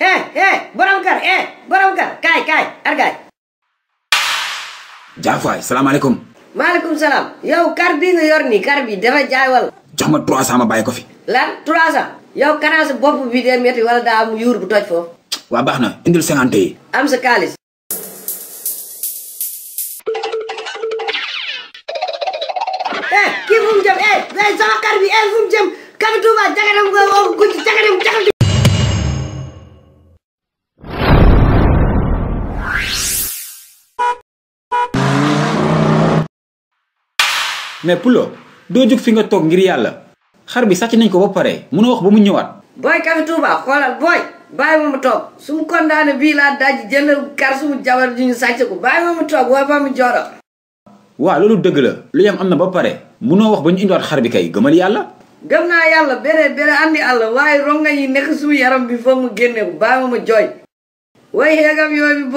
eh eh borom kër eh borom kër kaay kaay argaay. jaafaay salaamaaleykum. maalekum salaam. yow kar bii nga yor nii kar bi dafa jaay wala. jox ma 300 ma bàyyi ko fi. lan 300. yow kanaa sa bopp bi dee daa am yuur bu toj foofu. waa baax na indil 50 yi. am sa kaalis. eh kii fu jëm eh, eh sama kar bi eh fu mu jëm kami Tuuba jaganam nga gucc mais Pulo doo jóg fi nga toog ngir yàlla xar bi sàcc nañ ko ba pare munoo wax ba mu ñëwaat. booy Café Touba xoolal booy bàyyi ma mu toog su mu kondaane bii laa daj jëndal kar su mu jabar ju ñu sàcc ko bàyyi ma mu toog waaye ba mu jooro. waaw loolu dëgg la lu yam am na ba pare munoo wax ba ñu indiwaat xar bi kay gëmal yàlla. gëm naa yàlla béré béré andi àlla waaye ronga yi nekk suñu yaram bi foo mu génne bu bàyyi ma ma jooy. way xeegam yooyu bi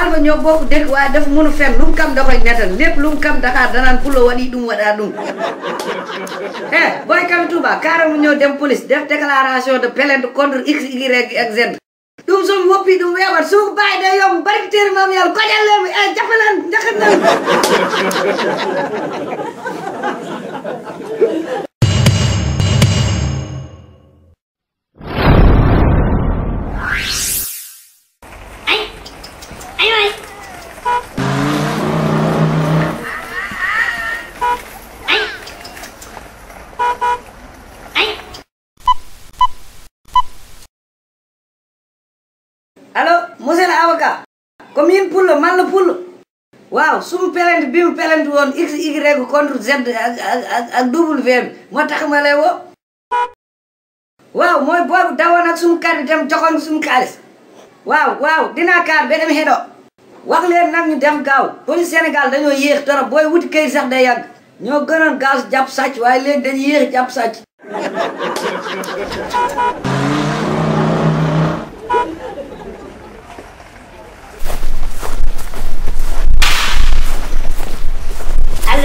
alba ñoo bokk dëkk waaye dafa mënu fen lu mu kam da koy nettal lépp lu mu kam Dakar danaan pulo waɗi ɗum waɗa ɗum e eh, booy kam Touba kaaramu ñoo dem police def déclaration de plainte contre x y ak z ɗum somi woppi ɗum weewat suuf bàyyi da yom barki téere maam yàlla kojal leen e jafalan njaxat nan comme yéen pour la man la pour la waaw sumu pelent bi mu pelent woon x y contre z ak ak ak double v moo tax ma woo waaw mooy boobu dawoon ak sumu carte dem joxoon sumu xaalis waaw waaw dinaa kaar ba dem xedo wax leen nag ñu dem gaaw police dañoo yéex torop booy wuti kayit sax day yàgg ñoo gënoon gaaw jàpp sàcc waaye léegi dañuy yéex jàpp sàcc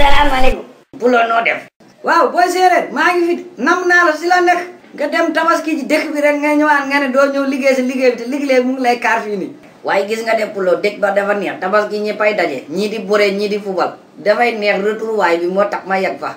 asalaamaaleykum. buloo noo def. waaw booy séeréer maa ngi fi nam naa la si la nekk. nga dem tabaski ji dëkk bi rek nga ñëwaat nga ne doo ñëw liggéey si liggéey bi te liggéey mu ngi lay kaar fii nii. waaye gis puloo dëkk ba dafa neex tabaski ñi pay daje ñii di boree ñii di fubal dafay neex retour bi moo tax ma yegg fa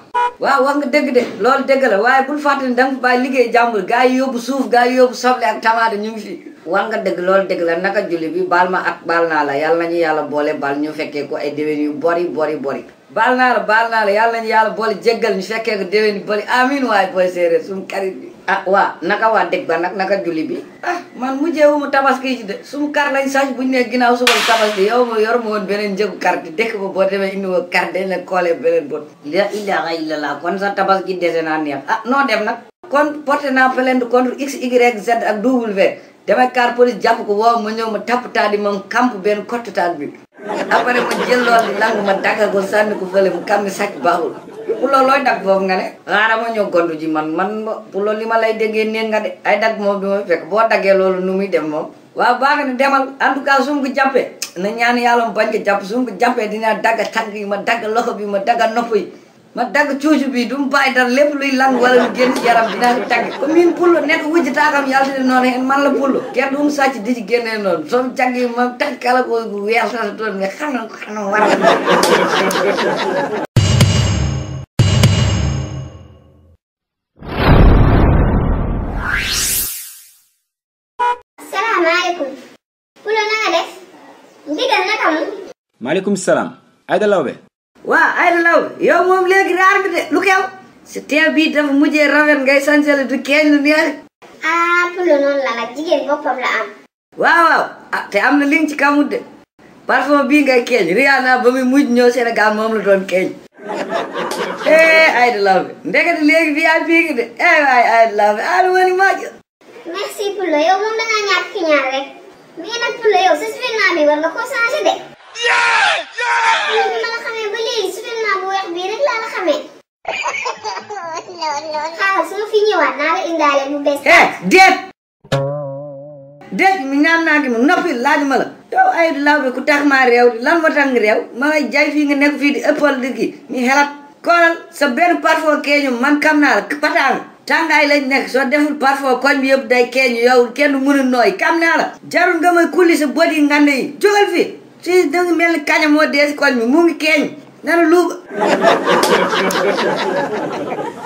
waaw wax nga dëgg de loolu dëgg la waaye bul fàtte ne liggéey jàmbur gaa yi yóbbu suuf gaa yi yóbbu soble ak tamaate ñu ngi fi wax nga dëgg loolu dëgg la naka julli bi baal ma ak baal naa la na ñu yàlla boole baal ñu fekkee ko ay déwén yu bori bori bori baal naa la baal naa la yàlla nañu yàlla boole jéggal ñu fekkee ko déwén boole amin waay boy séeréer suñu xarit bi ah, waa naka waa dëgg ba nag naka juli bi a ah, man mujjeewu ma tabaski ci de sumu kar lañ sax buñu ne ginnaaw suba tabaski yow ma yor ma woon beneen njëgu kar di dëkk ba boo demee indi woo kar dañ la koolee beneen bot la ilaha illallah kon sa gi dese naa neex a ah, noo dem nag kon porté naa plainte contre x y z ak w damay kar police jàpp ko woo ma ñëw ma tapp taat yi moom kamp benn kottu bi après ma jël loolu nangu ma dagga ko sànni ko fële mu kàmmi sàcc baaxul pour loolu looy dag boobu nga ne xaaral ma gondu ji man man pour loolu li ma lay déggee eh? neen nga de ay dagg moom bi fekk boo daggee loolu nu muy dem moom waaw baax na demal en tout cas su ma na ñaan yàlla bañ ko jàpp su jàppee dinaa dagga tànk yi ma dagga loxo bi ma dagga nopp yi ma dag cuucu bi dum bay dara lepp luy lang wala lu genn ci yaram dinaa ko tagg comme min pullu nekk wujj taakam yalla dina non en man la pullu kenn dum mu sàcc di ci genné non soo jàng ma tag kala ko weer sa toon nga xam na xam na war na maaleykum salaam Aida Lawbe waaw Aida Ndao yow moom léegi raar bi de lu xew si teew bii dafa mujjee rafet ngay sañsele du kenn lu neex ah Poulo noonu la nag jigéen boppam la am waaw waaw ah, te am na li nga ci de parfum bii ngay keeñ Rihanna ba muy mujj ñëw Sénégal moom la doon keeñ eh Aida Ndao bi ndekete léegi VIP gi de eh waay Aida Ndao bi ah lu ma ni màgg merci moom da ngaa ñàkk ki ñaar rek mais nag Poulo yow sa survêtement bi war nga de ñëwaat naa la mu bees. Eh, naa ki ma noppi laajuma la. yow ay law bi ku tax maa réew lan moo tax nga réew ma lay jaay fii nga nekk fii di ëppal di kii mi xelat. kóolal sa benn parfum keeñu man kam naa la pataana. tàngaay lañ nekk soo deful parfois koñ bi yëpp day keeñu yow kenn mënu nooy kam naa la jarul nga may kulli sa bët yi ngande yi jógal fi si da mel ni kaña moo dee koñ bi mu ngi keeñ nana luuba